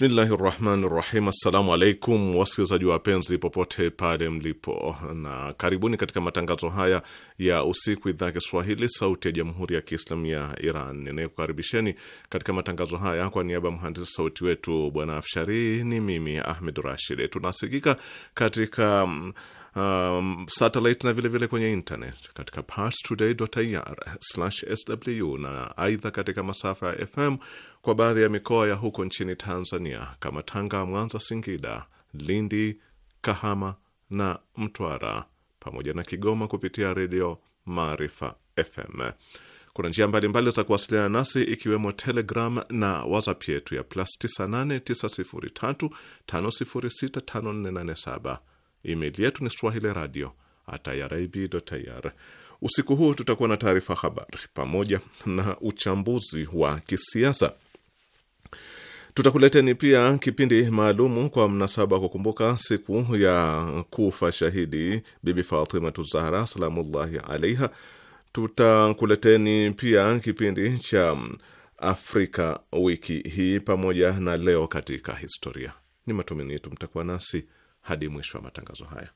Bismillahi rahmani rahim. Assalamu alaikum wasikilizaji wapenzi popote pale mlipo, na karibuni katika matangazo haya ya usiku, idhaa ya Kiswahili sauti ya jamhuri ya Kiislamu ya Iran. Ninayekukaribisheni katika matangazo haya kwa niaba ya mhandisi sauti wetu bwana Afshari, ni mimi Ahmed Rashid. Tunasikika katika um, satellite na vilevile vile kwenye internet katika parstoday.ir/sw na aidha katika masafa ya FM kwa baadhi ya mikoa ya huko nchini Tanzania kama Tanga, Mwanza, Singida, Lindi, Kahama na Mtwara pamoja na Kigoma kupitia redio Maarifa FM. Kuna njia mbalimbali za kuwasiliana nasi ikiwemo Telegram na WhatsApp yetu ya plus 989035065487. Email yetu ni swahili radio @irib.ir. Usiku huu tutakuwa na taarifa habari pamoja na uchambuzi wa kisiasa. Tutakuleteni pia kipindi maalumu kwa mnasaba wa kukumbuka siku ya kufa shahidi Bibi Fatimatu Zahra salamullahi alaiha. Tutakuleteni pia kipindi cha Afrika wiki hii pamoja na leo katika historia. Ni matumaini yetu mtakuwa nasi hadi mwisho wa matangazo haya.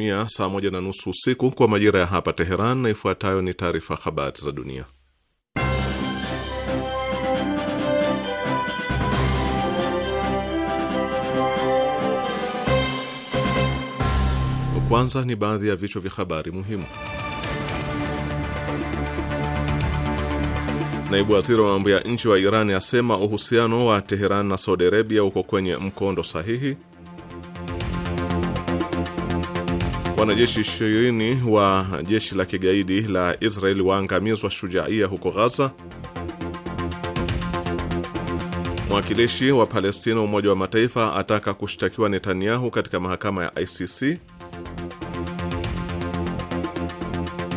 imetimia saa moja na nusu usiku kwa majira ya hapa Teheran, na ifuatayo ni taarifa habari za dunia. Kwanza ni baadhi ya vichwa vya habari muhimu. Naibu waziri wa mambo ya nchi wa Iran asema uhusiano wa Teheran na Saudi Arabia uko kwenye mkondo sahihi. Wanajeshi ishirini wa jeshi la kigaidi la Israeli waangamizwa Shujaia huko Ghaza. Mwakilishi wa Palestina Umoja wa Mataifa ataka kushtakiwa Netanyahu katika mahakama ya ICC.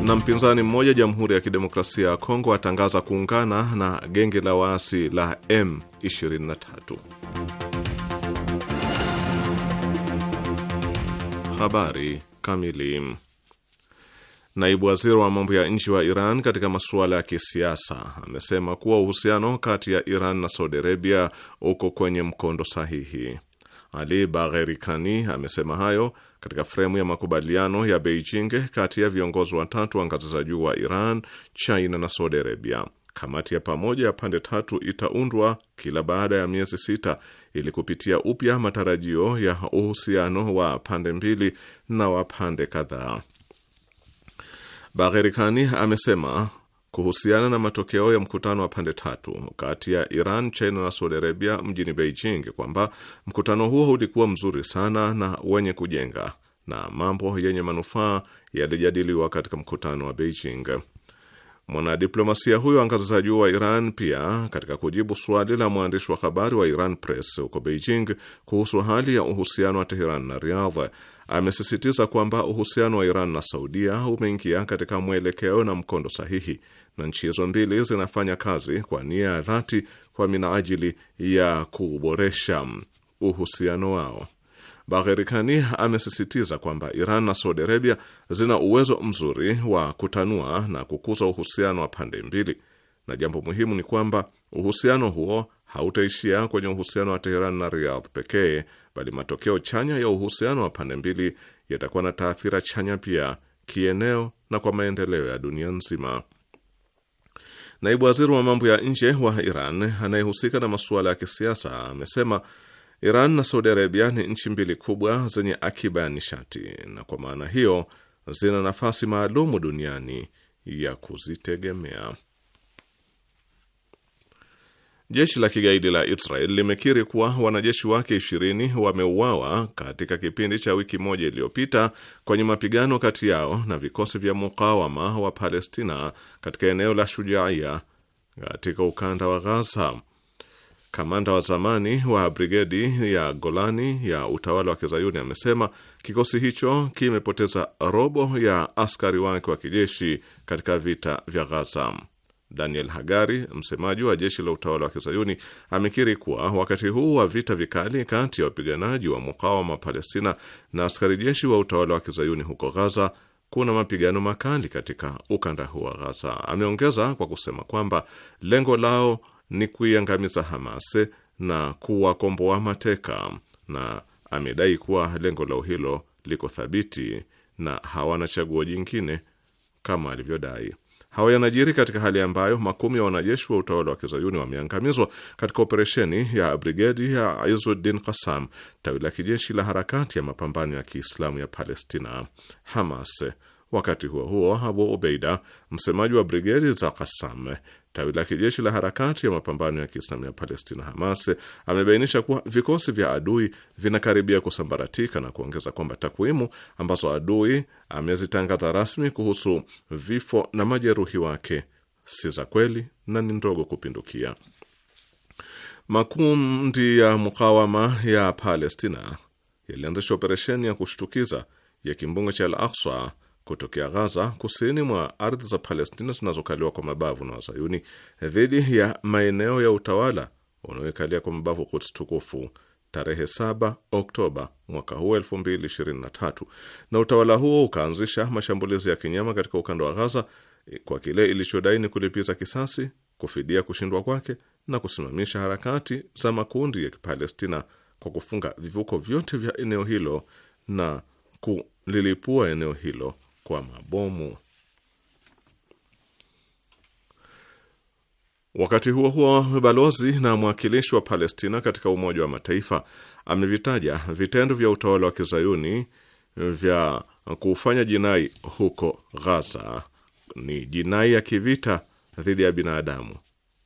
Na mpinzani mmoja Jamhuri ya Kidemokrasia ya Kongo atangaza kuungana na genge la waasi la M23. Habari kamili. Naibu waziri wa mambo ya nchi wa Iran katika masuala ya kisiasa amesema kuwa uhusiano kati ya Iran na Saudi Arabia uko kwenye mkondo sahihi. Ali Bagheri Kani amesema hayo katika fremu ya makubaliano ya Beijing kati ya viongozi watatu wa ngazi za juu wa Iran, China na Saudi Arabia. Kamati ya pamoja ya pande tatu itaundwa kila baada ya miezi sita ili kupitia upya matarajio ya uhusiano wa pande mbili na wa pande kadhaa. Bagheri Kani amesema kuhusiana na matokeo ya mkutano wa pande tatu kati ya Iran, China na Saudi Arabia mjini Beijing kwamba mkutano huo ulikuwa mzuri sana na wenye kujenga na mambo yenye manufaa yalijadiliwa katika mkutano wa Beijing. Mwanadiplomasia huyo wa ngazi za juu wa Iran pia katika kujibu swali la mwandishi wa habari wa Iran Press huko Beijing kuhusu hali ya uhusiano wa Teheran na Riyadh amesisitiza kwamba uhusiano wa Iran na Saudia umeingia katika mwelekeo na mkondo sahihi na nchi hizo mbili zinafanya kazi kwa nia ya dhati kwa minajili ya kuboresha uhusiano wao. Bagherikani amesisitiza kwamba Iran na Saudi Arabia zina uwezo mzuri wa kutanua na kukuza uhusiano wa pande mbili, na jambo muhimu ni kwamba uhusiano huo hautaishia kwenye uhusiano wa Teheran na Riyadh pekee, bali matokeo chanya ya uhusiano wa pande mbili yatakuwa na taathira chanya pia kieneo na kwa maendeleo ya dunia nzima. Naibu waziri wa mambo ya nje wa Iran anayehusika na masuala ya kisiasa amesema Iran na Saudi Arabia ni nchi mbili kubwa zenye akiba ya nishati na kwa maana hiyo zina nafasi maalumu duniani ya kuzitegemea. Jeshi la kigaidi la Israel limekiri kuwa wanajeshi wake ishirini wameuawa katika kipindi cha wiki moja iliyopita kwenye mapigano kati yao na vikosi vya mukawama wa Palestina katika eneo la Shujaia katika ukanda wa Ghaza. Kamanda wa zamani wa brigedi ya Golani ya utawala wa kizayuni amesema kikosi hicho kimepoteza robo ya askari wake wa kijeshi katika vita vya Ghaza. Daniel Hagari, msemaji wa jeshi la utawala wa kizayuni, amekiri kuwa wakati huu wa vita vikali kati ya wapiganaji wa mukawama Palestina na askari jeshi wa utawala wa kizayuni huko Ghaza, kuna mapigano makali katika ukanda huu wa Ghaza. Ameongeza kwa kusema kwamba lengo lao ni kuiangamiza Hamas na kuwakomboa mateka, na amedai kuwa lengo lao hilo liko thabiti na hawana chaguo jingine kama alivyodai. Hawa yanajiri katika hali ambayo makumi ya wanajeshi wa utawala wa kizayuni wameangamizwa katika operesheni ya brigedi ya Izuddin Kasam, tawi la kijeshi la harakati ya mapambano ya Kiislamu ya Palestina, Hamas. Wakati huo huo, Abu Ubeida, msemaji wa brigedi za Kasam, Tawi la kijeshi la harakati ya mapambano ya Kiislamu ya Palestina, Hamas, amebainisha kuwa vikosi vya adui vinakaribia kusambaratika na kuongeza kwamba takwimu ambazo adui amezitangaza rasmi kuhusu vifo na majeruhi wake si za kweli na ni ndogo kupindukia. Makundi ya mukawama ya Palestina yalianzisha operesheni ya kushtukiza ya kimbunga cha Al Aqsa kutokea Ghaza kusini mwa ardhi za Palestina zinazokaliwa kwa mabavu na Wazayuni dhidi ya maeneo ya utawala unaoikalia kwa mabavu Kuts tukufu tarehe 7 Oktoba mwaka huu 2023, na utawala huo ukaanzisha mashambulizi ya kinyama katika ukanda wa Ghaza kwa kile ilichodai ni kulipiza kisasi, kufidia kushindwa kwake na kusimamisha harakati za makundi ya Kipalestina kwa kufunga vivuko vyote vya eneo hilo na kulilipua eneo hilo kwa mabomu. Wakati huo huo, balozi na mwakilishi wa Palestina katika Umoja wa Mataifa amevitaja vitendo vya utawala wa kizayuni vya kufanya jinai huko Ghaza ni jinai ya kivita dhidi ya binadamu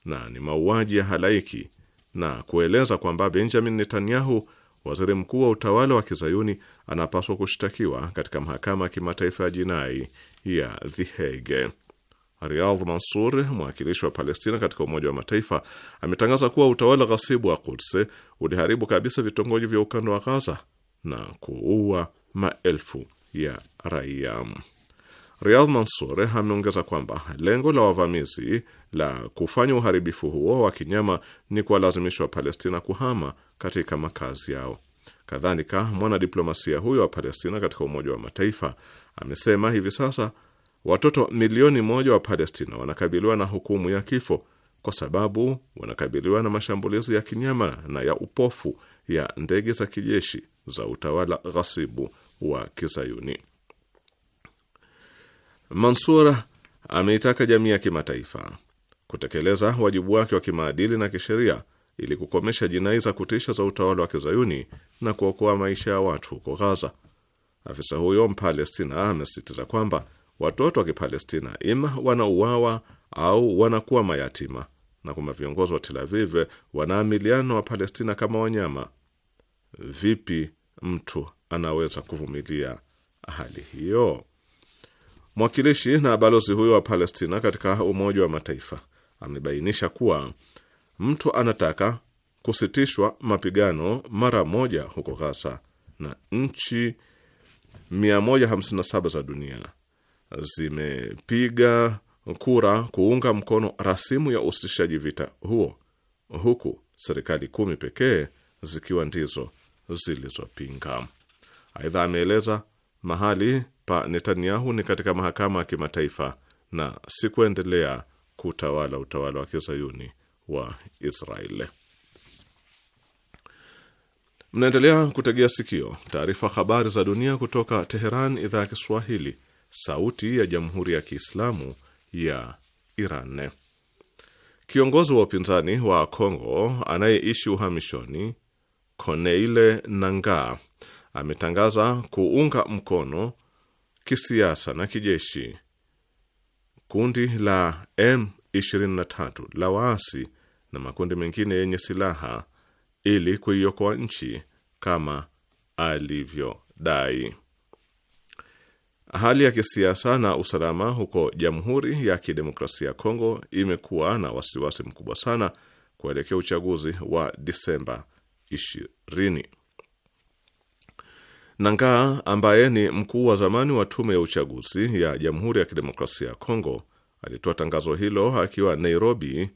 na ni mauaji ya halaiki na kueleza kwamba Benjamin Netanyahu waziri mkuu wa utawala wa kizayuni anapaswa kushtakiwa katika mahakama ya kimataifa ya jinai ya The Hague. Riyadh Mansur, mwakilishi wa Palestina katika Umoja wa Mataifa, ametangaza kuwa utawala ghasibu wa Quds uliharibu kabisa vitongoji vya ukanda wa Ghaza na kuua maelfu ya raia. Riyadh Mansour ameongeza kwamba lengo la wavamizi la kufanya uharibifu huo wa kinyama ni kuwalazimisha Wapalestina kuhama katika makazi yao. Kadhalika, mwanadiplomasia huyo wa Palestina katika Umoja wa Mataifa amesema hivi sasa watoto milioni moja wa Palestina wanakabiliwa na hukumu ya kifo kwa sababu wanakabiliwa na mashambulizi ya kinyama na ya upofu ya ndege za kijeshi za utawala ghasibu wa Kizayuni. Mansur ameitaka jamii ya kimataifa kutekeleza wajibu wake wa kimaadili na kisheria ili kukomesha jinai za kutisha za utawala wa kizayuni na kuokoa maisha ya watu huko Gaza. Afisa huyo Mpalestina amesisitiza kwamba watoto wa Kipalestina ima wanauawa au wanakuwa mayatima na kwamba viongozi wa Tel Aviv wanaamiliana palestina kama wanyama. Vipi mtu anaweza kuvumilia hali hiyo? Mwakilishi na balozi huyo wa Palestina katika Umoja wa Mataifa amebainisha kuwa mtu anataka kusitishwa mapigano mara moja huko Gaza na nchi 157 za dunia zimepiga kura kuunga mkono rasimu ya usitishaji vita huo huku serikali kumi pekee zikiwa ndizo zilizopinga. Aidha, ameeleza mahali pa Netanyahu ni katika mahakama ya kimataifa na si kuendelea kutawala utawala wa kizayuni wa Israeli. Mnaendelea kutegea sikio taarifa habari za dunia kutoka Teheran, idhaa ya Kiswahili, sauti ya jamhuri ya kiislamu ya Iran. Kiongozi wa upinzani wa Kongo anayeishi uhamishoni coneile nanga ametangaza kuunga mkono kisiasa na kijeshi kundi la M23 la waasi na makundi mengine yenye silaha ili kuiokoa nchi kama alivyodai. Hali ya kisiasa na usalama huko Jamhuri ya Kidemokrasia ya Kongo imekuwa na wasiwasi mkubwa sana kuelekea uchaguzi wa Disemba 20. Nangaa ambaye ni mkuu wa zamani wa tume ya uchaguzi ya Jamhuri ya Kidemokrasia ya Kongo alitoa tangazo hilo akiwa Nairobi,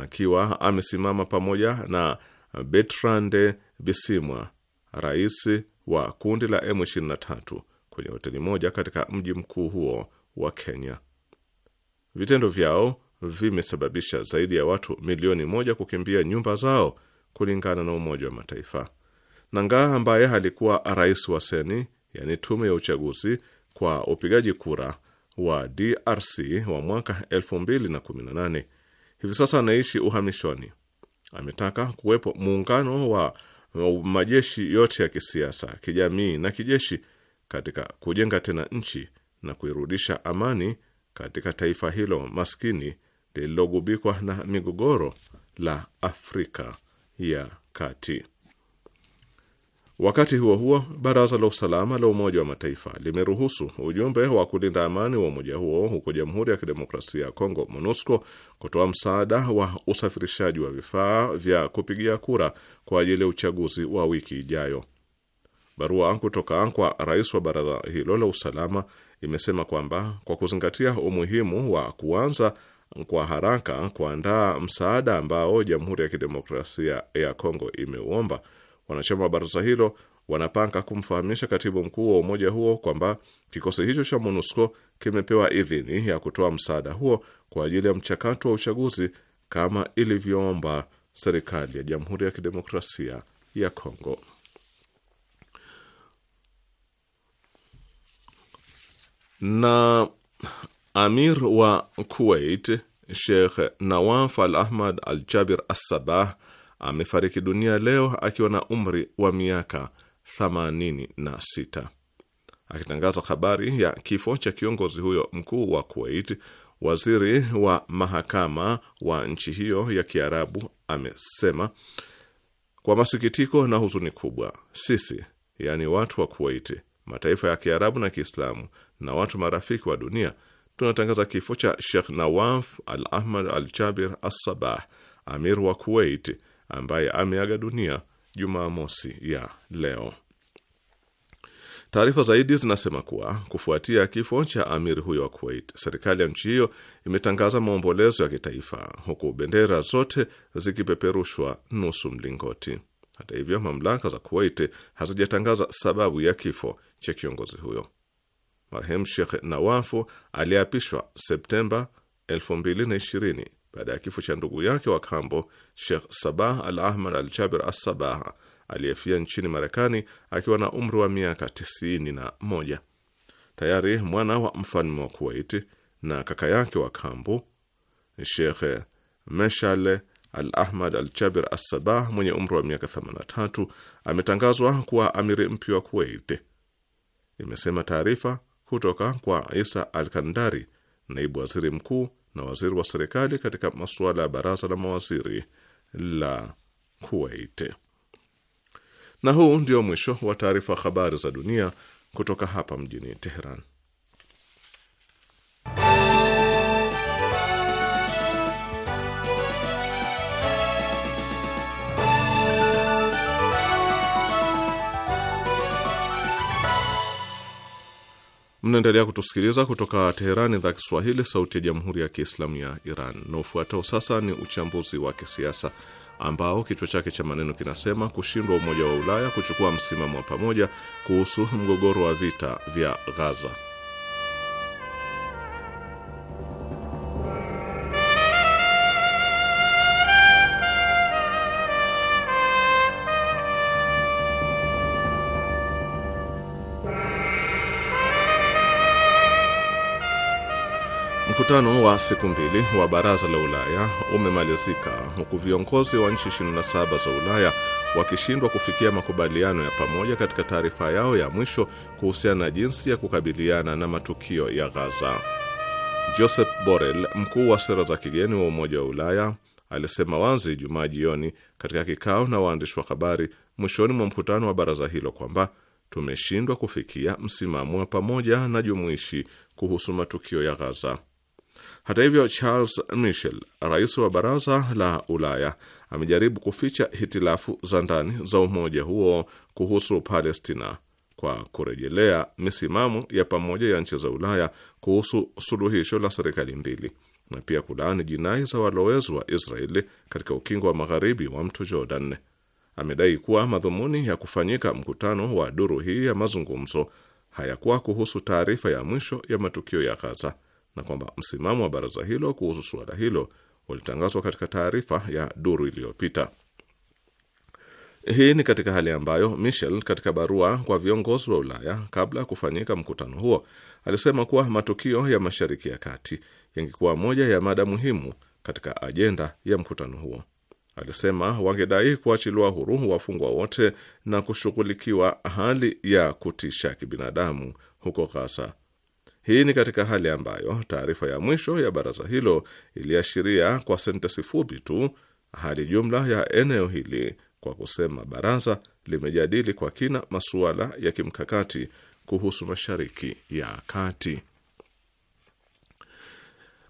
akiwa amesimama pamoja na Bertrand Bisimwa, rais wa kundi la M23 kwenye hoteli moja katika mji mkuu huo wa Kenya. Vitendo vyao vimesababisha zaidi ya watu milioni moja kukimbia nyumba zao kulingana na Umoja wa Mataifa. Nangaa ambaye alikuwa rais wa Seni, yani tume ya uchaguzi kwa upigaji kura wa DRC wa mwaka 2018 hivi sasa anaishi uhamishoni. Ametaka kuwepo muungano wa majeshi yote ya kisiasa, kijamii na kijeshi katika kujenga tena nchi na kuirudisha amani katika taifa hilo maskini lililogubikwa na migogoro la Afrika ya Kati. Wakati huo huo, baraza la usalama la Umoja wa Mataifa limeruhusu ujumbe wa kulinda amani wa umoja huo huko Jamhuri ya Kidemokrasia ya Kongo, MONUSCO, kutoa msaada wa usafirishaji wa vifaa vya kupigia kura kwa ajili ya uchaguzi wa wiki ijayo. Barua kutoka kwa rais wa baraza hilo la usalama imesema kwamba kwa kuzingatia umuhimu wa kuanza kwa haraka kuandaa msaada ambao Jamhuri ya Kidemokrasia ya Kongo imeuomba Wanachama wa baraza hilo wanapanga kumfahamisha katibu mkuu wa umoja huo kwamba kikosi hicho cha MONUSCO kimepewa idhini ya kutoa msaada huo kwa ajili ya mchakato wa uchaguzi kama ilivyoomba serikali ya Jamhuri ya Kidemokrasia ya Kongo. Na amir wa Kuwait Sheikh Nawaf Al Ahmad Al Jabir as amefariki dunia leo akiwa na umri wa miaka 86. Akitangaza habari ya kifo cha kiongozi huyo mkuu wa Kuwait, waziri wa mahakama wa nchi hiyo ya Kiarabu amesema kwa masikitiko na huzuni kubwa, sisi yaani watu wa Kuwait, mataifa ya Kiarabu na Kiislamu na watu marafiki wa dunia tunatangaza kifo cha Sheikh Nawaf Al Ahmad Al Jabir As Sabah, amir wa Kuwait ambaye ameaga dunia Jumamosi ya leo. Taarifa zaidi zinasema kuwa kufuatia kifo cha amiri huyo wa Kuwait, serikali ya nchi hiyo imetangaza maombolezo ya kitaifa, huku bendera zote zikipeperushwa nusu mlingoti. Hata hivyo, mamlaka za Kuwait hazijatangaza sababu ya kifo cha kiongozi huyo. Marehemu Sheikh Nawafu aliyeapishwa Septemba 2020 baada ya kifo cha ndugu yake wa kambo Sheikh Sabah Al Ahmad Al Jabir As Sabah aliyefia nchini Marekani akiwa na umri wa miaka 91. Tayari mwana wa mfalme wa kuwait na kaka yake wa kambo Sheikh Meshal Al Ahmad Al Jabir As Sabah mwenye umri wa miaka 83 ametangazwa kuwa amiri mpya wa Kuwaiti, imesema taarifa kutoka kwa Isa Al Kandari, naibu waziri mkuu na waziri wa serikali katika masuala ya baraza la mawaziri la Kuwait. Na huu ndio mwisho wa taarifa habari za dunia kutoka hapa mjini Teheran. Mnaendelea kutusikiliza kutoka Teherani, idhaa Kiswahili, sauti ya jamhuri ya kiislamu ya Iran. Na ufuatao sasa ni uchambuzi wa kisiasa ambao kichwa chake cha maneno kinasema kushindwa Umoja wa Ulaya kuchukua msimamo wa pamoja kuhusu mgogoro wa vita vya Ghaza. Mkutano wa siku mbili wa Baraza la Ulaya umemalizika huku viongozi wa nchi 27 za Ulaya wakishindwa kufikia makubaliano ya pamoja katika taarifa yao ya mwisho kuhusiana na jinsi ya kukabiliana na matukio ya Gaza. Joseph Borrell, mkuu wa sera za kigeni wa Umoja wa Ulaya, alisema wazi Jumaa jioni katika kikao na waandishi wa habari mwishoni mwa mkutano wa baraza hilo kwamba tumeshindwa kufikia msimamo wa pamoja na jumuishi kuhusu matukio ya Gaza. Hata hivyo, Charles Michel, rais wa Baraza la Ulaya, amejaribu kuficha hitilafu za ndani za umoja huo kuhusu Palestina kwa kurejelea misimamo ya pamoja ya nchi za Ulaya kuhusu suluhisho la serikali mbili na pia kulaani jinai za walowezi wa Israeli katika ukingo wa magharibi wa mto Jordan. Amedai kuwa madhumuni ya kufanyika mkutano wa duru hii ya mazungumzo hayakuwa kuhusu taarifa ya mwisho ya matukio ya Gaza na kwamba msimamo wa baraza hilo kuhusu suala hilo ulitangazwa katika taarifa ya duru iliyopita. Hii ni katika hali ambayo Michel katika barua kwa viongozi wa Ulaya kabla ya kufanyika mkutano huo alisema kuwa matukio ya Mashariki ya Kati yangekuwa moja ya mada muhimu katika ajenda ya mkutano huo. Alisema wangedai kuachiliwa huru wafungwa wote na kushughulikiwa hali ya kutisha kibinadamu huko Gaza hii ni katika hali ambayo taarifa ya mwisho ya baraza hilo iliashiria kwa sentensi fupi tu hali jumla ya eneo hili kwa kusema baraza limejadili kwa kina masuala ya kimkakati kuhusu Mashariki ya Kati.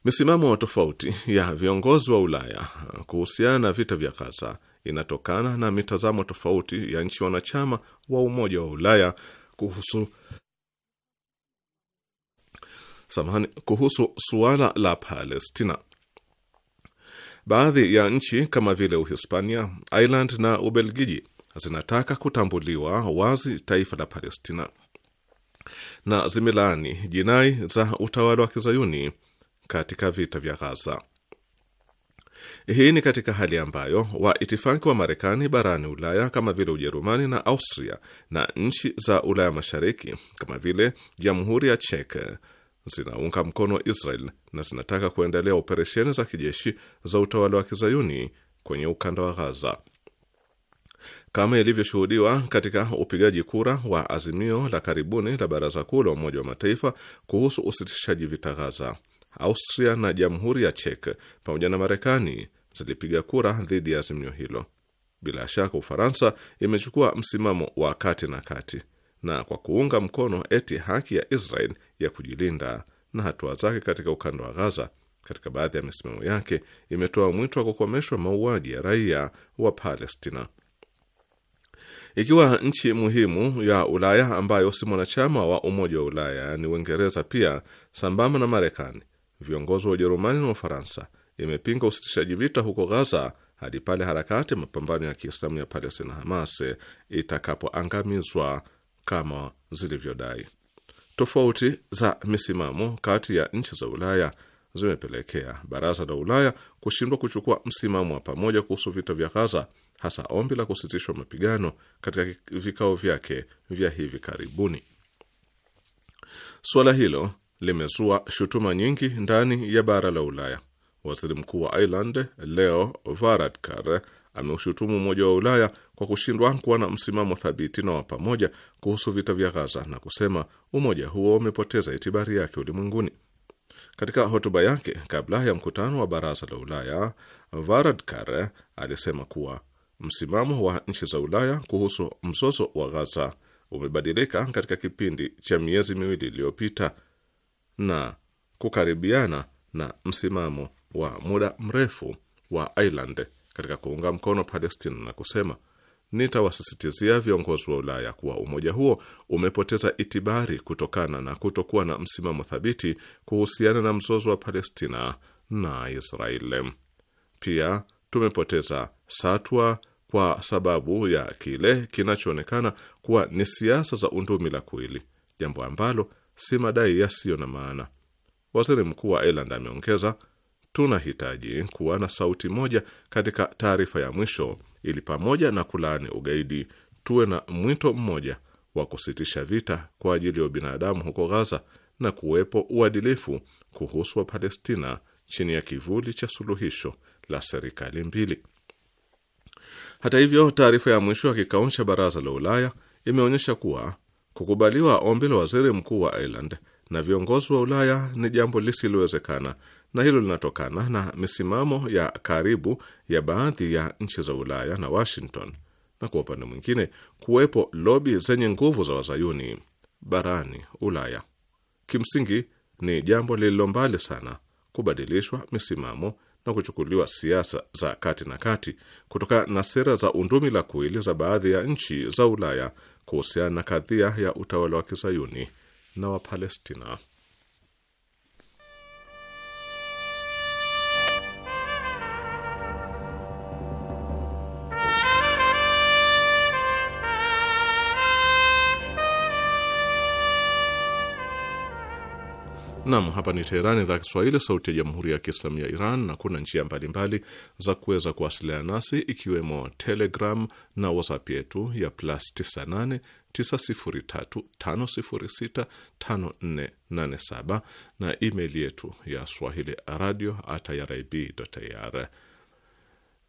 Misimamo tofauti ya viongozi wa Ulaya kuhusiana na vita vya Gaza inatokana na mitazamo tofauti ya nchi wanachama wa Umoja wa Ulaya kuhusu samahani, kuhusu suala la Palestina. Baadhi ya nchi kama vile Uhispania, Ireland na Ubelgiji zinataka kutambuliwa wazi taifa la Palestina na zimelaani jinai za utawala wa kizayuni katika vita vya Ghaza. Hii ni katika hali ambayo waitifaki wa Marekani barani Ulaya kama vile Ujerumani na Austria na nchi za Ulaya Mashariki kama vile Jamhuri ya chek zinaunga mkono Israel na zinataka kuendelea operesheni za kijeshi za utawala wa kizayuni kwenye ukanda wa Ghaza kama ilivyoshuhudiwa katika upigaji kura wa azimio la karibuni la Baraza Kuu la Umoja wa Mataifa kuhusu usitishaji vita Ghaza. Austria na Jamhuri ya Czech pamoja na Marekani zilipiga kura dhidi ya azimio hilo. Bila shaka Ufaransa imechukua msimamo wa kati na kati na kwa kuunga mkono eti haki ya Israel ya kujilinda na hatua zake katika ukanda wa Gaza, katika baadhi ya misimamo yake imetoa mwito wa kukomeshwa mauaji ya raia wa Palestina. Ikiwa nchi muhimu ya Ulaya ambayo si mwanachama wa Umoja wa Ulaya ni Uingereza pia, sambamba na Marekani, viongozi wa Ujerumani na Ufaransa imepinga usitishaji vita huko Gaza hadi pale harakati mapambano ya Kiislamu ya Palestina Hamas itakapoangamizwa kama zilivyodai. Tofauti za misimamo kati ya nchi za Ulaya zimepelekea Baraza la Ulaya kushindwa kuchukua msimamo wa pamoja kuhusu vita vya gaza hasa ombi la kusitishwa mapigano katika vikao vyake vya hivi karibuni. Suala hilo limezua shutuma nyingi ndani ya bara la Ulaya. Waziri Mkuu wa Ireland Leo Varadkar ameushutumu Umoja wa Ulaya kwa kushindwa kuwa na msimamo thabiti na wa pamoja kuhusu vita vya Ghaza na kusema umoja huo umepoteza itibari yake ulimwenguni. Katika hotuba yake kabla ya mkutano wa Baraza la Ulaya, Varadkar alisema kuwa msimamo wa nchi za Ulaya kuhusu mzozo wa Ghaza umebadilika katika kipindi cha miezi miwili iliyopita na kukaribiana na msimamo wa muda mrefu wa Ireland katika kuunga mkono Palestina na kusema, nitawasisitizia viongozi wa Ulaya kuwa umoja huo umepoteza itibari kutokana na kutokuwa na msimamo thabiti kuhusiana na mzozo wa Palestina na Israeli. Pia tumepoteza satwa kwa sababu ya kile kinachoonekana kuwa ni siasa za undumi la kuili, jambo ambalo si madai yasiyo na maana. Waziri Mkuu wa Ireland ameongeza tunahitaji kuwa na sauti moja katika taarifa ya mwisho, ili pamoja na kulaani ugaidi tuwe na mwito mmoja wa kusitisha vita kwa ajili ya ubinadamu huko Gaza na kuwepo uadilifu kuhusu Wapalestina chini ya kivuli cha suluhisho la serikali mbili. Hata hivyo, taarifa ya mwisho ya kikao cha Baraza la Ulaya imeonyesha kuwa kukubaliwa ombi la waziri mkuu wa Ireland na viongozi wa Ulaya ni jambo lisilowezekana na hilo linatokana na misimamo ya karibu ya baadhi ya nchi za Ulaya na Washington, na kwa upande mwingine kuwepo lobi zenye nguvu za wazayuni barani Ulaya. Kimsingi ni jambo lililo mbali sana kubadilishwa misimamo na kuchukuliwa siasa za kati na kati kutokana na sera za undumi la kuili za baadhi ya nchi za Ulaya kuhusiana na kadhia ya utawala wa kizayuni na Wapalestina. Nam, hapa ni Teherani, idhaa Kiswahili, sauti ya jamhuri ya kiislamu ya Iran, na kuna njia mbalimbali mbali za kuweza kuwasiliana nasi, ikiwemo Telegram na WhatsApp yetu ya plus 98 na email yetu ya swahili radio at irib.ir.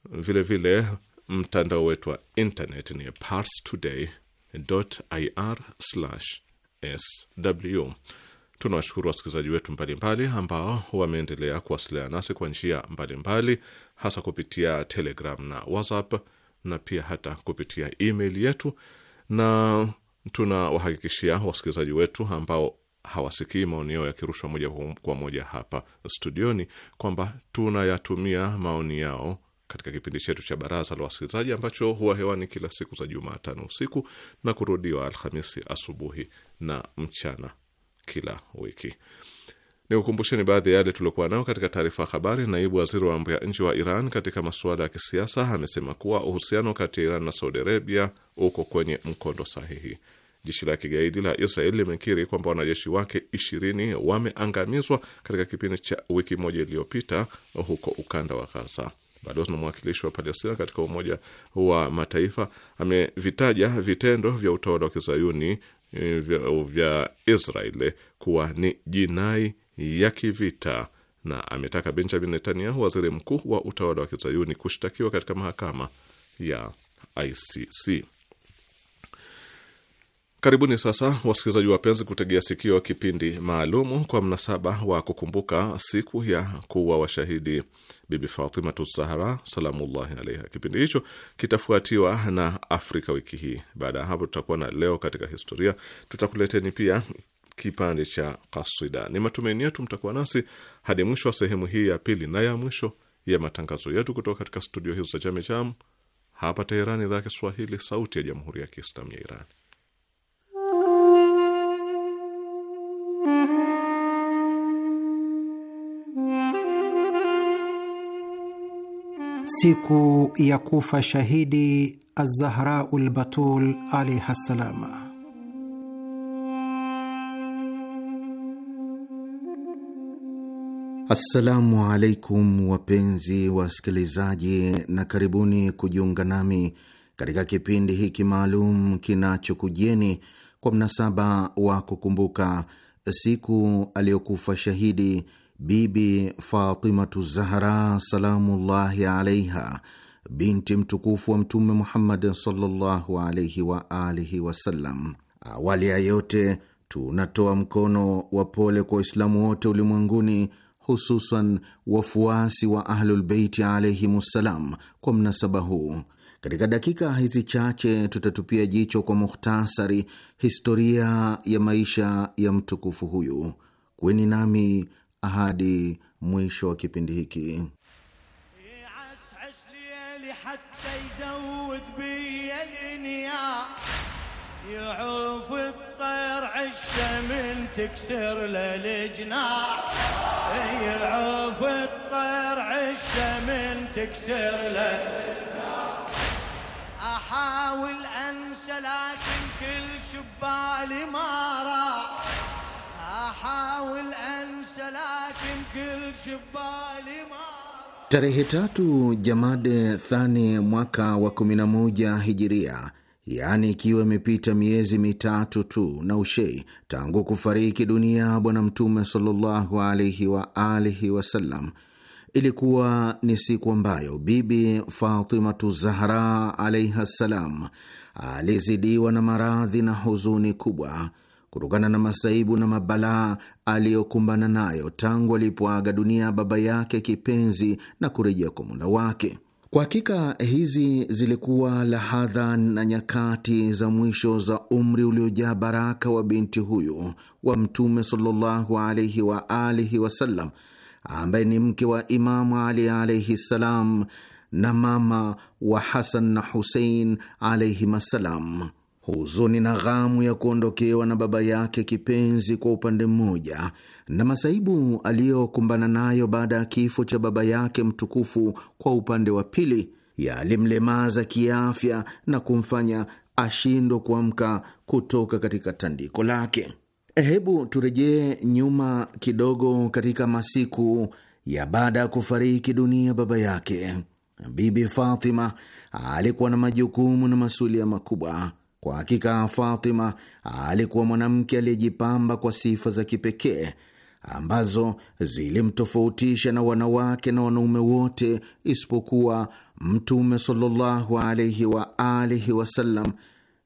Vilevile mtandao wetu wa internet ni today ir sw Tunawashukuru wasikilizaji wetu mbalimbali ambao wameendelea kuwasiliana nasi kwa njia mbalimbali, hasa kupitia Telegram na WhatsApp na pia hata kupitia email yetu, na tunawahakikishia wasikilizaji wetu ambao hawasikii maoni yao yakirushwa moja kwa moja hapa studioni kwamba tunayatumia maoni yao katika kipindi chetu cha baraza la wasikilizaji ambacho huwa hewani kila siku za Jumatano usiku na kurudiwa Alhamisi asubuhi na mchana kila wiki. Ni ukumbusheni baadhi ya yale tuliokuwa nao katika taarifa ya habari. Naibu waziri wa mambo ya nje wa Iran katika masuala ya kisiasa amesema kuwa uhusiano kati ya Iran na Saudi Arabia uko kwenye mkondo sahihi. Jeshi la kigaidi la Israel limekiri kwamba wanajeshi wake ishirini wameangamizwa katika kipindi cha wiki moja iliyopita huko ukanda wa Gaza. Balozi na mwakilishi wa Palestina katika Umoja wa Mataifa amevitaja vitendo vya utawala wa kizayuni Eh, vya, vya Israel kuwa ni jinai ya kivita na ametaka Benjamin Netanyahu, waziri mkuu wa utawala wa kizayuni, kushtakiwa katika mahakama ya ICC. Karibuni sasa wasikilizaji wapenzi, kutegea sikio kipindi maalumu kwa mnasaba wa kukumbuka siku ya kuwa washahidi Bibi Fatimatu Zahra salamullahi alaiha. Kipindi hicho kitafuatiwa na Afrika wiki hii. Baada ya hapo, tutakuwa na leo katika historia, tutakuleteni pia kipande cha kasida. Ni matumaini yetu mtakuwa nasi hadi mwisho wa sehemu hii ya pili na ya mwisho ya matangazo yetu kutoka katika studio hizo za Jamejam hapa Teherani, idhaa ya Kiswahili, sauti ya jamhuri ya kiislamu ya Irani. siku ya kufa shahidi Azzahrau Lbatul alaihi ssalama. Assalamu alaikum wapenzi wasikilizaji, na karibuni kujiunga nami katika kipindi hiki maalum kinachokujieni kwa mnasaba wa kukumbuka siku aliyokufa shahidi Bibi Fatimatu Zahra salamullahi alaiha, binti mtukufu wa Mtume Muhammad sallallahu alaihi wa alihi wasallam. Awali ya yote, tunatoa mkono wa pole kwa Waislamu wote ulimwenguni, hususan wafuasi wa Ahlulbeiti ssalam kwa mnasaba huu. Katika dakika hizi chache tutatupia jicho kwa mukhtasari historia ya maisha ya mtukufu huyu. Kweni nami hadi mwisho wa kipindi hiki. يعوف الطير عشه من تكسر يعوف الطير عشه من تكسر احاول انسى لكن كل شبالي ما راح احاول انسى Tarehe tatu Jamade Thani mwaka wa 11 Hijiria, yaani ikiwa imepita miezi mitatu tu na ushei tangu kufariki dunia Bwana Mtume sallallahu alaihi wa alihi wasallam, ilikuwa ni siku ambayo Bibi Fatimatu Zahra alaihi ssalam alizidiwa na maradhi na huzuni kubwa kutokana na masaibu na mabalaa aliyokumbana nayo tangu alipoaga dunia baba yake kipenzi na kurejea kwa mula wake. Kwa hakika hizi zilikuwa lahadha na nyakati za mwisho za umri uliojaa baraka wa binti huyu wa Mtume sallallahu alaihi wa alihi wasallam, ambaye ni mke wa Imamu Ali alaihi ssalam na mama wa Hasan na Husein alaihim assalam huzuni na ghamu ya kuondokewa na baba yake kipenzi kwa upande mmoja, na masaibu aliyokumbana nayo baada ya kifo cha baba yake mtukufu kwa upande wa pili, yalimlemaza kiafya na kumfanya ashindwe kuamka kutoka katika tandiko lake. Hebu turejee nyuma kidogo katika masiku ya baada ya kufariki dunia baba yake. Bibi Fatima alikuwa na majukumu na masulia makubwa. Kwa hakika Fatima alikuwa mwanamke aliyejipamba kwa sifa za kipekee ambazo zilimtofautisha na wanawake na wanaume wote isipokuwa Mtume sallallahu alaihi wa alihi wasallam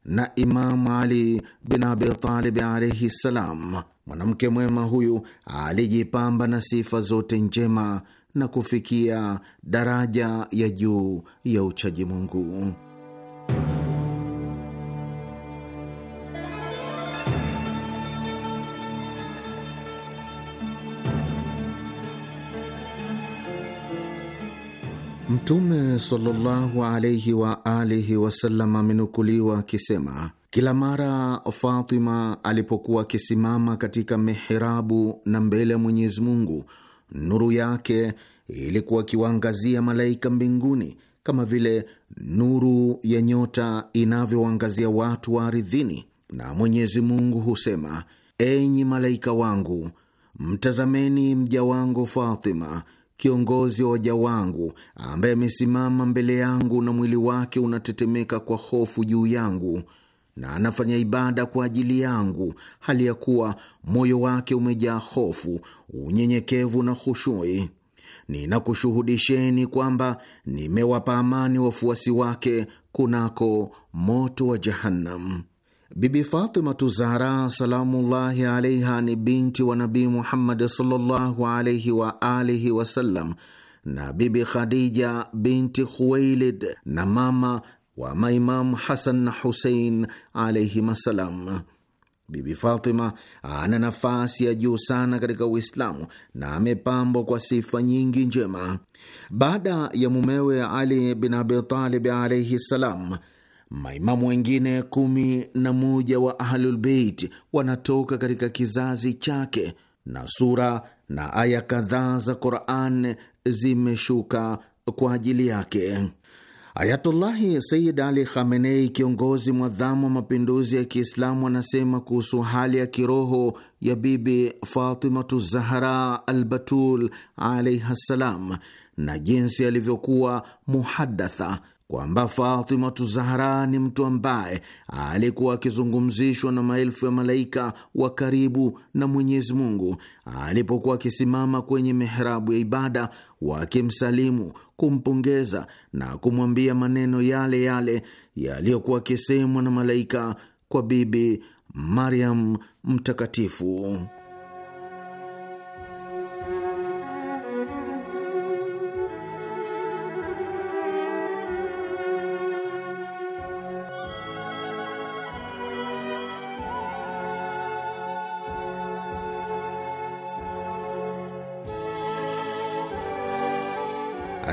na Imamu Ali bin Abitalib alaihi ssalam. Mwanamke mwema huyu alijipamba na sifa zote njema na kufikia daraja ya juu ya uchaji Mungu. Mtume sallallahu alaihi wa alihi wasallam amenukuliwa akisema, kila mara Fatima alipokuwa akisimama katika mihirabu na mbele ya Mwenyezi Mungu, nuru yake ilikuwa akiwaangazia malaika mbinguni kama vile nuru ya nyota inavyoangazia watu wa aridhini, na Mwenyezi Mungu husema, enyi malaika wangu, mtazameni mja wangu Fatima kiongozi wa waja wangu ambaye amesimama mbele yangu na mwili wake unatetemeka kwa hofu juu yangu na anafanya ibada kwa ajili yangu, hali ya kuwa moyo wake umejaa hofu, unyenyekevu na hushui. Ninakushuhudisheni kwamba nimewapa amani wafuasi wake kunako moto wa Jahannam. Bibi Fatima Zahra salamullahi alaiha ni binti wa Nabi Muhammad sallallahu alaihi wa alihi wasallam na Bibi Khadija binti Khuwailid na mama wa maimamu Hasan na Husein alaihim assalam. Bibi Fatima ana nafasi ya juu sana katika Uislamu na amepambwa kwa sifa nyingi njema. Baada ya mumewe Ali bin Abitalib alaihi ssalam Maimamu wengine kumi na moja wa Ahlulbeit wanatoka katika kizazi chake na sura na aya kadhaa za Quran zimeshuka kwa ajili yake. Ayatullahi Sayid Ali Khamenei, kiongozi mwadhamu wa mapinduzi ya Kiislamu, anasema kuhusu hali ya kiroho ya Bibi Fatimatu zahra al Batul alaihi ssalam, na jinsi alivyokuwa muhadatha kwamba Fatimatu Zahra ni mtu ambaye alikuwa akizungumzishwa na maelfu ya malaika wa karibu na Mwenyezi Mungu alipokuwa akisimama kwenye mihrabu ya ibada, wakimsalimu, kumpongeza na kumwambia maneno yale yale yaliyokuwa akisemwa na malaika kwa Bibi Maryam mtakatifu.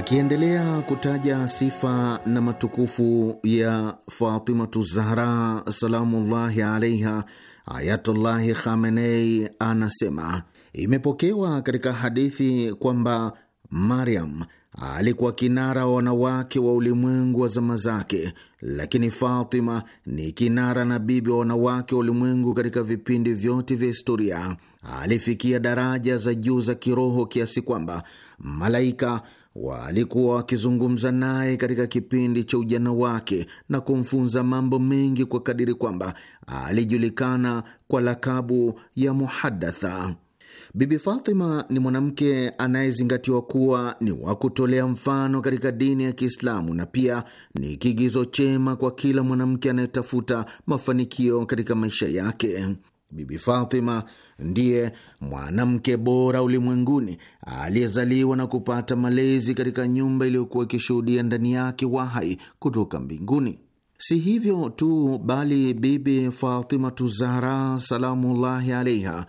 Akiendelea kutaja sifa na matukufu ya Fatimatu Zahra salamullahi alaiha, Ayatullahi Khamenei anasema imepokewa katika hadithi kwamba Mariam alikuwa kinara wa wanawake wa ulimwengu wa zama zake, lakini Fatima ni kinara na bibi wa wanawake wa ulimwengu katika vipindi vyote vya historia. Alifikia daraja za juu za kiroho kiasi kwamba malaika walikuwa wakizungumza naye katika kipindi cha ujana wake na kumfunza mambo mengi kwa kadiri kwamba alijulikana kwa lakabu ya Muhadatha. Bibi Fatima ni mwanamke anayezingatiwa kuwa ni wa kutolea mfano katika dini ya Kiislamu na pia ni kigizo chema kwa kila mwanamke anayetafuta mafanikio katika maisha yake. Bibi Fatima ndiye mwanamke bora ulimwenguni aliyezaliwa na kupata malezi katika nyumba iliyokuwa ikishuhudia ndani yake wahai kutoka mbinguni. Si hivyo tu, bali Bibi Fatimatu Zahra salamullahi alaiha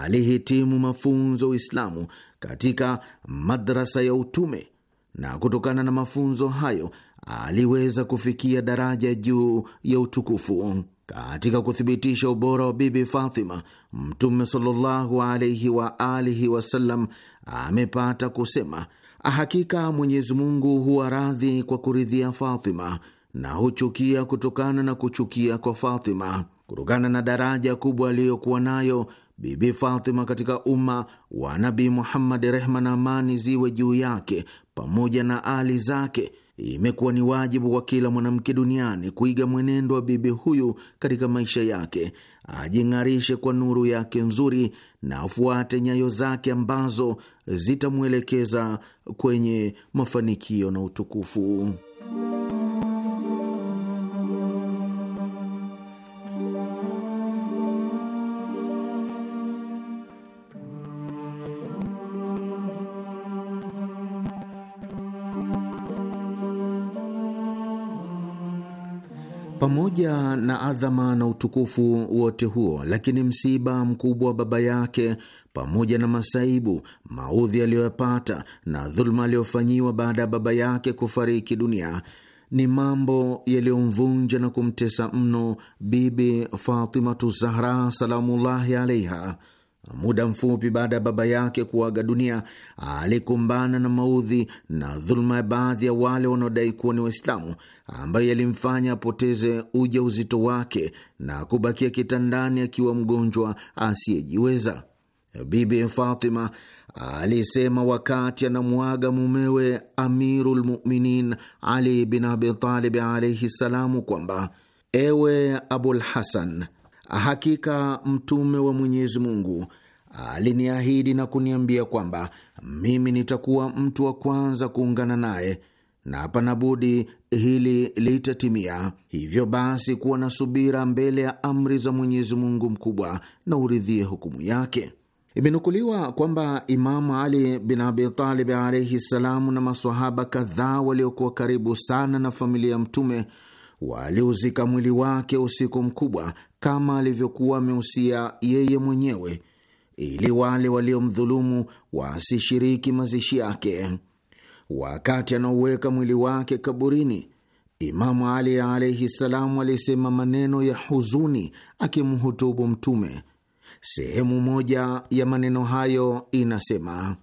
alihitimu mafunzo Uislamu katika madrasa ya utume, na kutokana na mafunzo hayo aliweza kufikia daraja juu ya utukufu. Katika kuthibitisha ubora wa Bibi Fatima, Mtume sallallahu alaihi wa alihi wasallam amepata kusema, hakika Mwenyezi Mungu huwa radhi kwa kuridhia Fatima na huchukia kutokana na kuchukia kwa Fatima. Kutokana na daraja kubwa aliyokuwa nayo Bibi Fatima katika umma wa Nabi Muhammad, rehma na amani ziwe juu yake pamoja na ali zake imekuwa ni wajibu kwa kila mwanamke duniani kuiga mwenendo wa bibi huyu katika maisha yake, ajing'arishe kwa nuru yake nzuri na afuate nyayo zake ambazo zitamwelekeza kwenye mafanikio na utukufu. Pamoja na adhama na utukufu wote huo, lakini msiba mkubwa wa baba yake pamoja na masaibu, maudhi aliyoyapata na dhuluma aliyofanyiwa baada ya baba yake kufariki dunia ni mambo yaliyomvunja na kumtesa mno Bibi Fatimatu Zahra salamullahi alaiha. Muda mfupi baada ya baba yake kuaga dunia, alikumbana na maudhi na dhuluma ya baadhi ya wale wanaodai kuwa ni Waislamu, ambayo yalimfanya apoteze uja uzito wake na kubakia kitandani akiwa mgonjwa asiyejiweza. Bibi Fatima alisema wakati anamwaga mumewe Amirulmuminin Ali bin abitalibi alaihi ssalamu, kwamba ewe Abul Hasan, Hakika mtume wa Mwenyezi Mungu aliniahidi na kuniambia kwamba mimi nitakuwa mtu wa kwanza kuungana naye, na hapana budi hili litatimia. Hivyo basi, kuwa na subira mbele ya amri za Mwenyezi Mungu mkubwa na uridhie hukumu yake. Imenukuliwa kwamba Imamu Ali bin Abi Talib alaihi ssalamu na masahaba kadhaa waliokuwa karibu sana na familia ya Mtume waliuzika mwili wake usiku mkubwa kama alivyokuwa ameusia yeye mwenyewe, ili wale waliomdhulumu wasishiriki mazishi yake. Wakati anauweka mwili wake kaburini, Imamu Ali alaihi salamu alisema maneno ya huzuni akimhutubu Mtume. Sehemu moja ya maneno hayo inasema: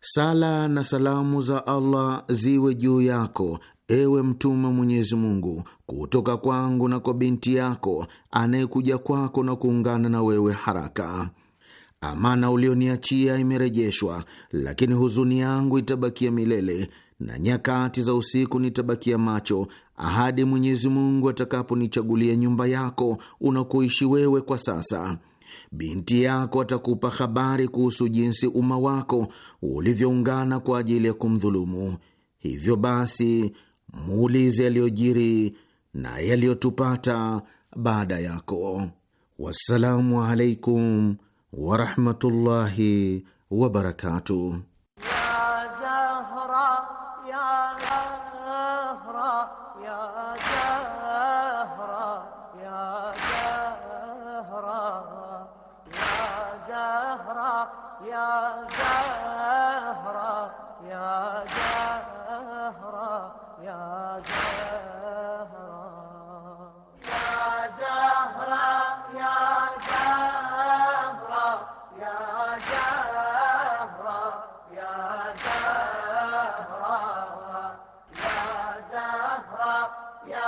Sala na salamu za Allah ziwe juu yako Ewe Mtume Mwenyezi Mungu, kutoka kwangu na kwa binti yako anayekuja kwako na kuungana na wewe haraka. Amana ulioniachia imerejeshwa, lakini huzuni yangu itabakia milele, na nyakati za usiku nitabakia macho hadi Mwenyezi Mungu atakaponichagulia nyumba yako unakoishi wewe kwa sasa. Binti yako atakupa habari kuhusu jinsi umma wako ulivyoungana kwa ajili ya kumdhulumu. Hivyo basi muulize yaliyojiri na yaliyotupata baada yako. Wassalamu alaikum warahmatullahi wabarakatuh.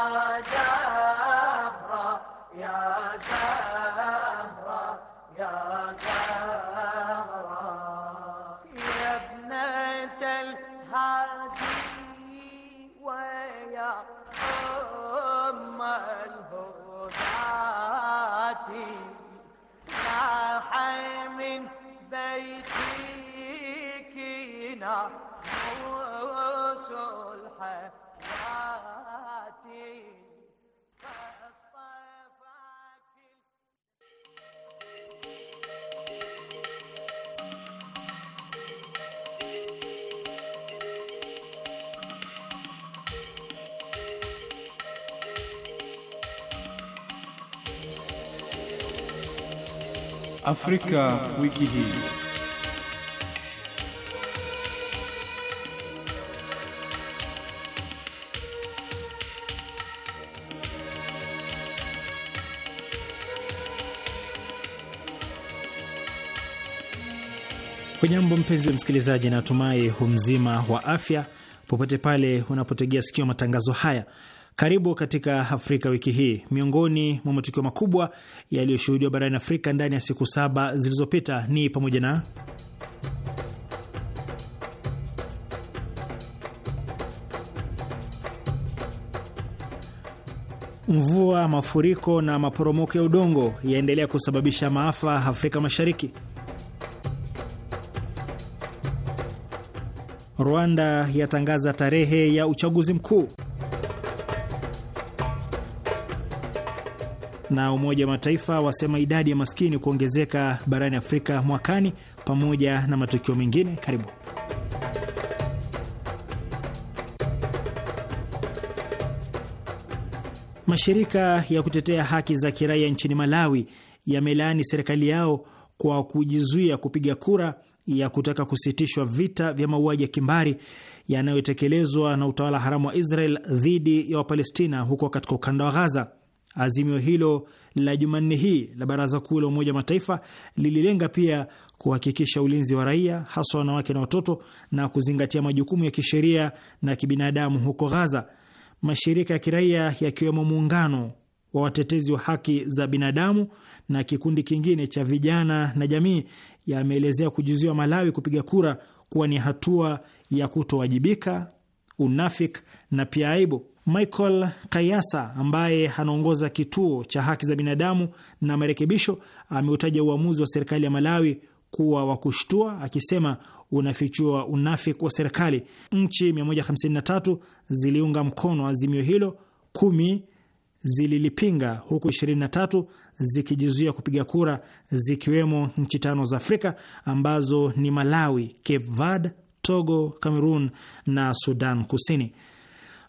Raja. Afrika wiki hii. Hujambo mpenzi msikilizaji, natumai humzima wa afya popote pale unapotegea sikio matangazo haya. Karibu katika Afrika wiki hii. Miongoni mwa matukio makubwa yaliyoshuhudiwa barani Afrika ndani ya siku saba zilizopita ni pamoja na mvua, mafuriko na maporomoko ya udongo yaendelea kusababisha maafa Afrika Mashariki. Rwanda yatangaza tarehe ya uchaguzi mkuu. na Umoja wa Mataifa wasema idadi ya maskini kuongezeka barani Afrika mwakani, pamoja na matukio mengine. Karibu. Mashirika ya kutetea haki za kiraia nchini Malawi yamelaani serikali yao kwa kujizuia kupiga kura ya kutaka kusitishwa vita vya mauaji ya kimbari yanayotekelezwa na utawala haramu wa Israel dhidi ya Wapalestina huko katika ukanda wa Ghaza. Azimio hilo la Jumanne hii la Baraza Kuu la Umoja Mataifa lililenga pia kuhakikisha ulinzi wa raia haswa wanawake na watoto na kuzingatia majukumu ya kisheria na kibinadamu huko Ghaza. Mashirika ya kiraia yakiwemo muungano wa watetezi wa haki za binadamu na kikundi kingine cha vijana na jamii yameelezea kujizuia Malawi kupiga kura kuwa ni hatua ya kutowajibika, unafik na pia aibu. Michael Kayasa ambaye anaongoza kituo cha haki za binadamu na marekebisho ameutaja uamuzi wa serikali ya Malawi kuwa wa kushtua, akisema unafichua unafiki wa serikali. Nchi 153 ziliunga mkono azimio hilo, kumi zililipinga, huku 23 zikijizuia kupiga kura, zikiwemo nchi tano za Afrika ambazo ni Malawi, Cape Verde, Togo, Cameroon na Sudan Kusini.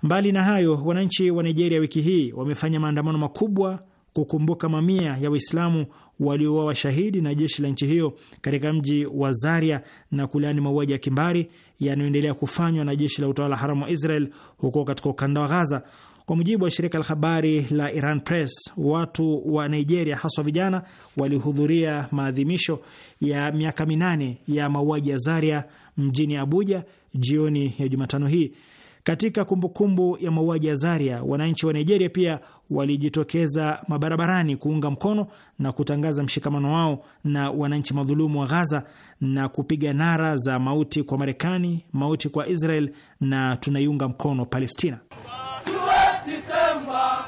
Mbali na hayo, wananchi wa Nigeria wiki hii wamefanya maandamano makubwa kukumbuka mamia ya Waislamu waliouawa washahidi na jeshi la nchi hiyo katika mji wa Zaria na kulaani mauaji ya kimbari yanayoendelea kufanywa na jeshi la utawala haramu wa Israel huko katika ukanda wa Ghaza. Kwa mujibu wa shirika la habari la Iran Press, watu wa Nigeria haswa vijana walihudhuria maadhimisho ya miaka minane ya mauaji ya Zaria mjini Abuja jioni ya Jumatano hii. Katika kumbukumbu ya mauaji ya Zaria, wananchi wa Nigeria pia walijitokeza mabarabarani kuunga mkono na kutangaza mshikamano wao na wananchi madhulumu wa Ghaza na kupiga nara za mauti kwa Marekani, mauti kwa Israel na tunaiunga mkono Palestina. Disemba.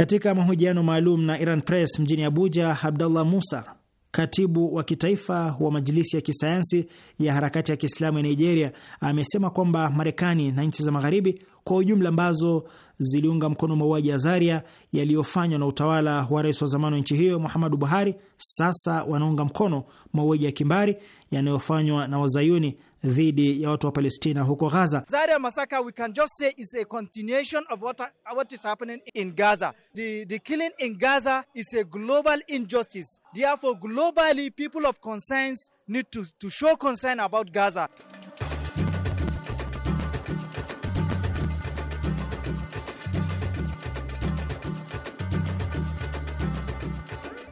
Katika mahojiano maalum na Iran Press mjini Abuja, Abdallah Musa, katibu wa kitaifa wa majilisi ya kisayansi ya harakati ya Kiislamu ya Nigeria, amesema kwamba Marekani na nchi za Magharibi kwa ujumla ambazo ziliunga mkono mauaji ya Zaria yaliyofanywa na utawala wa rais wa zamani wa nchi hiyo Muhammadu Buhari, sasa wanaunga mkono mauaji ya kimbari yanayofanywa na Wazayuni dhidi ya watu wa Palestina huko Gaza. Zaria Masaka. we can just say is a continuation of what what is happening in Gaza. The the killing in Gaza is a global injustice. Therefore globally people of concerns need to to show concern about Gaza.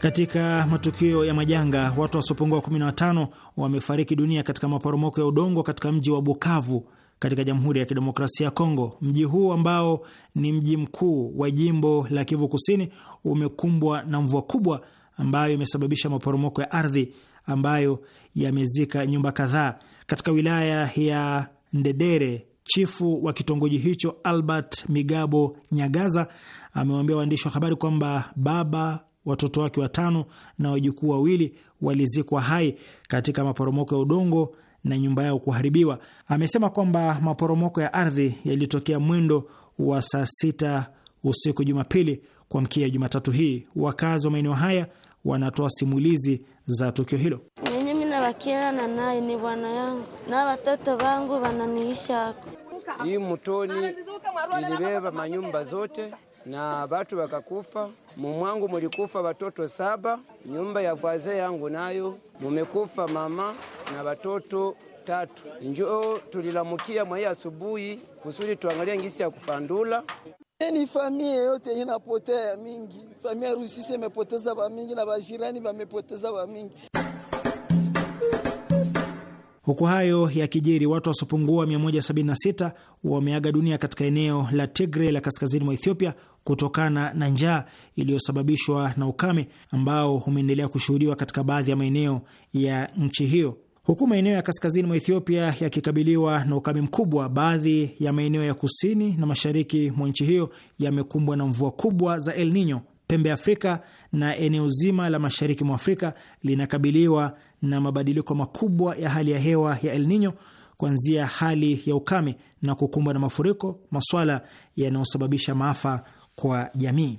Katika matukio ya majanga, watu wasiopungua 15 wamefariki dunia katika maporomoko ya udongo katika mji wa Bukavu katika Jamhuri ya Kidemokrasia ya Kongo. Mji huu ambao ni mji mkuu wa jimbo la Kivu Kusini umekumbwa na mvua kubwa ambayo imesababisha maporomoko ya ardhi ambayo yamezika nyumba kadhaa. Katika wilaya ya Ndedere, chifu wa kitongoji hicho Albert Migabo Nyagaza amewaambia waandishi wa habari kwamba baba watoto wake watano na wajukuu wawili walizikwa hai katika maporomoko ya udongo na nyumba yao kuharibiwa. Amesema kwamba maporomoko ya ardhi yalitokea mwendo wa saa sita usiku Jumapili kwa ya Jumatatu hii. Wakazi wa maeneo haya wanatoa simulizi za tukio hilo. Nenye na naye ni bwana yangu na watoto vangu wananiisha ako hii mutoni ilibeba manyumba zote na watu wakakufa mumwangu mulikufa watoto saba, nyumba ya vwaze yangu nayo mumekufa mama na watoto tatu. Njoo tulilamukia mwai asubuhi kusudi tuangalie ngisi ya kufandula ni familia yote inapotea mingi. Familia Rusisi imepoteza ba mingi na bajirani bamepoteza ba mingi. Huku hayo yakijiri, watu wasiopungua 176 wameaga dunia katika eneo la Tigre la kaskazini mwa Ethiopia kutokana na njaa iliyosababishwa na ukame ambao umeendelea kushuhudiwa katika baadhi ya maeneo ya nchi hiyo. Huku maeneo ya kaskazini mwa Ethiopia yakikabiliwa na ukame mkubwa, baadhi ya maeneo ya kusini na mashariki mwa nchi hiyo yamekumbwa na mvua kubwa za El Nino Pembe Afrika na eneo zima la mashariki mwa Afrika linakabiliwa na mabadiliko makubwa ya hali ya hewa ya El Nino, kuanzia hali ya ukame na kukumbwa na mafuriko, maswala yanayosababisha maafa kwa jamii.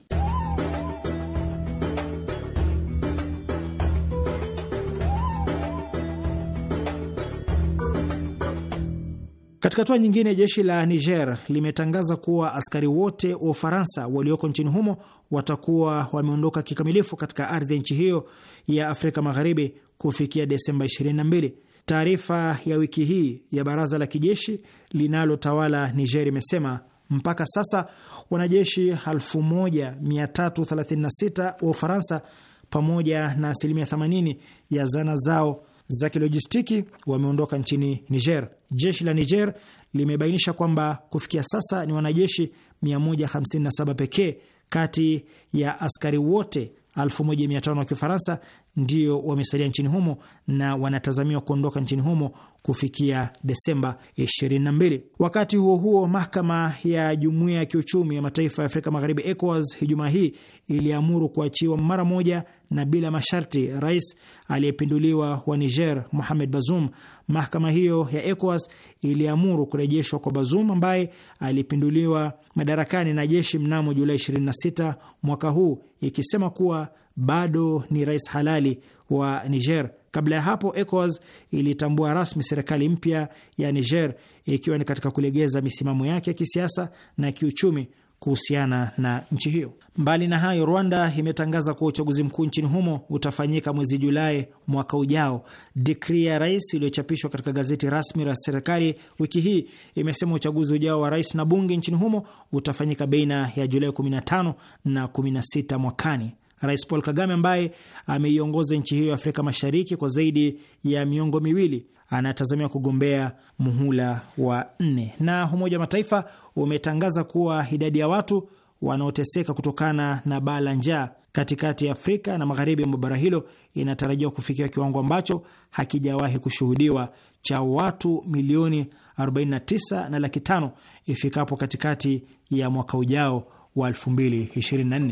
Katika hatua nyingine, jeshi la Niger limetangaza kuwa askari wote wa Ufaransa walioko nchini humo watakuwa wameondoka kikamilifu katika ardhi ya nchi hiyo ya Afrika Magharibi kufikia Desemba 22. Taarifa ya wiki hii ya baraza la kijeshi linalotawala Niger imesema mpaka sasa wanajeshi 1336 wa Ufaransa pamoja na asilimia 80 ya zana zao za kilojistiki wameondoka nchini Niger. Jeshi la Niger limebainisha kwamba kufikia sasa ni wanajeshi 157 pekee kati ya askari wote 1500 wa Kifaransa ndio wamesalia nchini humo na wanatazamiwa kuondoka nchini humo kufikia Desemba 22. Wakati huo huo, mahakama ya jumuiya ya kiuchumi ya mataifa ya Afrika Magharibi, ECOWAS, Ijumaa hii iliamuru kuachiwa mara moja na bila masharti rais aliyepinduliwa wa Niger, Mohamed Bazoum. Mahakama hiyo ya ECOWAS iliamuru kurejeshwa kwa Bazoum ambaye alipinduliwa madarakani na jeshi mnamo Julai 26 mwaka huu, ikisema kuwa bado ni rais halali wa Niger. Kabla ya hapo ECOWAS ilitambua rasmi serikali mpya ya Niger, ikiwa ni katika kulegeza misimamo yake ya kisiasa na kiuchumi kuhusiana na nchi hiyo. Mbali na hayo, Rwanda imetangaza kuwa uchaguzi mkuu nchini humo utafanyika mwezi Julai mwaka ujao. Dikri ya rais iliyochapishwa katika gazeti rasmi la serikali wiki hii imesema uchaguzi ujao wa rais na bunge nchini humo utafanyika baina ya Julai 15 na 16 mwakani. Rais Paul Kagame ambaye ameiongoza nchi hiyo ya Afrika Mashariki kwa zaidi ya miongo miwili anatazamiwa kugombea muhula wa nne. Na Umoja wa Mataifa umetangaza kuwa idadi ya watu wanaoteseka kutokana na baa la njaa katikati ya Afrika na magharibi mwa bara hilo inatarajiwa kufikia kiwango ambacho hakijawahi kushuhudiwa cha watu milioni 49 na laki tano ifikapo katikati ya mwaka ujao wa 2024.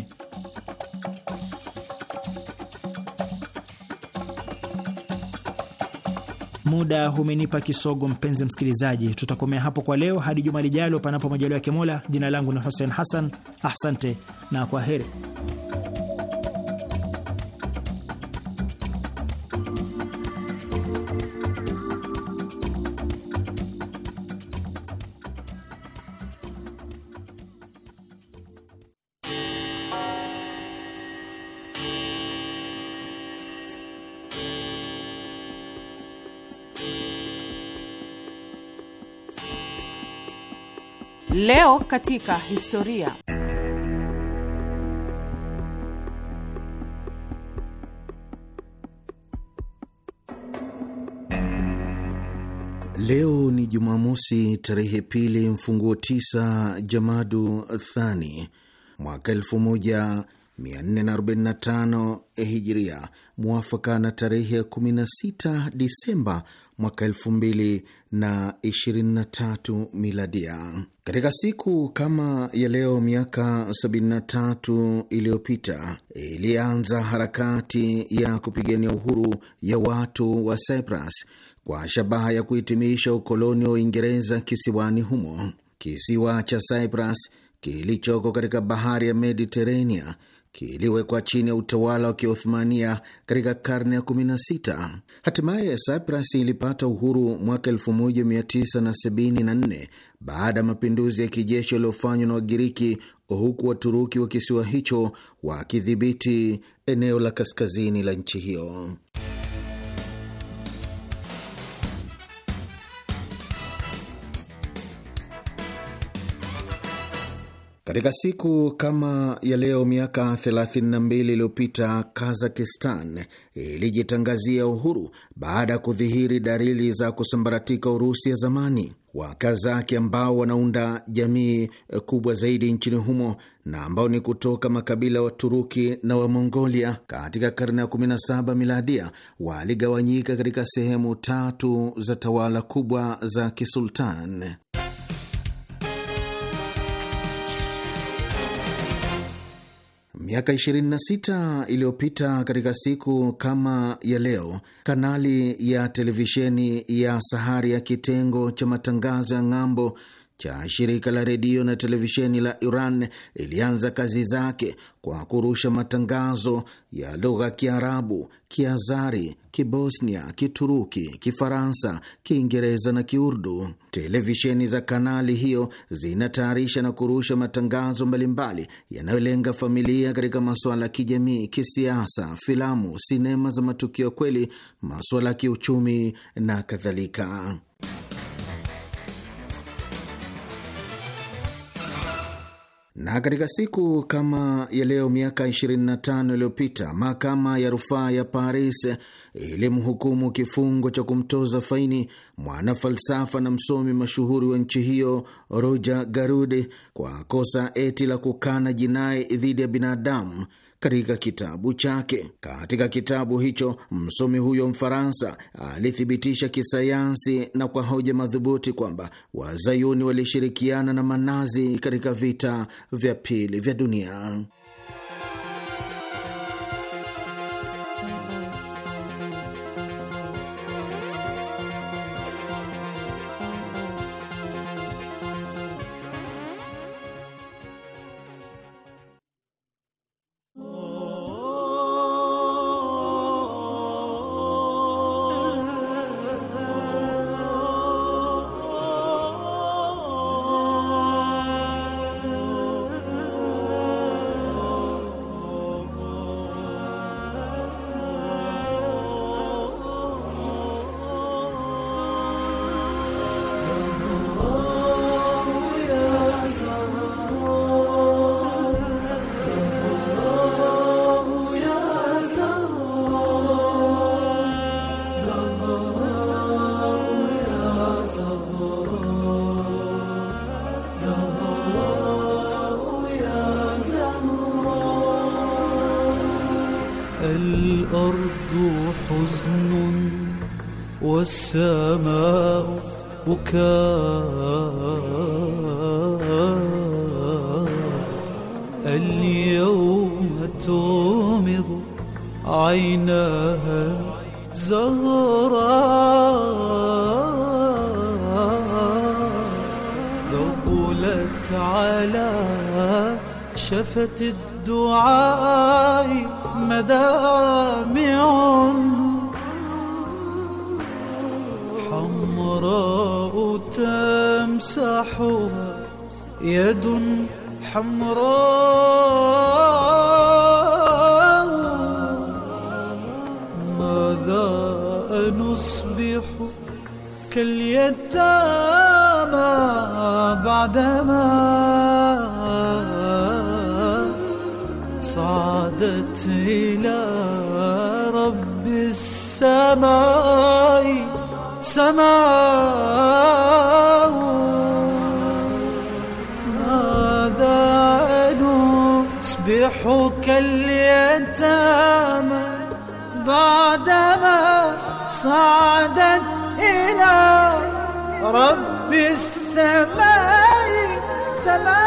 Muda umenipa kisogo, mpenzi msikilizaji, tutakomea hapo kwa leo hadi juma lijalo, panapo majaliwa ya Kimola. Jina langu ni Hussein Hassan, asante na kwa heri. Leo katika historia. Leo ni Jumamosi, tarehe pili mfunguo tisa Jamadu Thani mwaka elfu moja 445 hijiria muafaka na tarehe ya 16 Disemba mwaka 2023 miladia. Katika siku kama ya leo miaka 73 iliyopita ilianza harakati ya kupigania uhuru ya watu wa Cyprus kwa shabaha ya kuhitimisha ukoloni wa Uingereza kisiwani humo. Kisiwa cha Cyprus kilichoko katika bahari ya Mediterania kiliwekwa chini ya utawala wa Kiothmania katika karne ya 16. Hatimaye Cyprus ilipata uhuru mwaka 1974 baada ya mapinduzi ya kijeshi yaliyofanywa na Wagiriki, huku Waturuki wa kisiwa hicho wakidhibiti eneo la kaskazini la nchi hiyo. Katika siku kama ya leo miaka 32 iliyopita Kazakistan ilijitangazia uhuru baada ya kudhihiri dalili za kusambaratika Urusi ya zamani. Wakazaki ambao wanaunda jamii kubwa zaidi nchini humo na ambao ni kutoka makabila wa Turuki na wa Mongolia katika karne ya 17 miladia waligawanyika katika sehemu tatu za tawala kubwa za kisultan. Miaka 26 iliyopita katika siku kama ya leo, kanali ya televisheni ya Sahari ya kitengo cha matangazo ya ng'ambo cha shirika la redio na televisheni la Iran ilianza kazi zake kwa kurusha matangazo ya lugha ya Kiarabu, Kiazari, Kibosnia, Kituruki, Kifaransa, Kiingereza na Kiurdu. Televisheni za kanali hiyo zinatayarisha na kurusha matangazo mbalimbali yanayolenga familia katika masuala ya kijamii, kisiasa, filamu, sinema za matukio kweli, masuala ya kiuchumi na kadhalika. Na katika siku kama ya leo miaka 25 iliyopita mahakama ya rufaa ya Paris ilimhukumu kifungo cha kumtoza faini mwanafalsafa na msomi mashuhuri wa nchi hiyo Roger Garudi kwa kosa eti la kukana jinai dhidi ya binadamu katika kitabu chake. Katika kitabu hicho, msomi huyo Mfaransa alithibitisha kisayansi na kwa hoja madhubuti kwamba wazayuni walishirikiana na manazi katika vita vya pili vya dunia. الدعاء مدامع حمراء تمسحها يد حمراء ماذا نصبح كاليتامى بعدما وصلت إلى رب السماء سماء ماذا نسبح كاليتامى بعدما صعدت إلى رب السماء سماء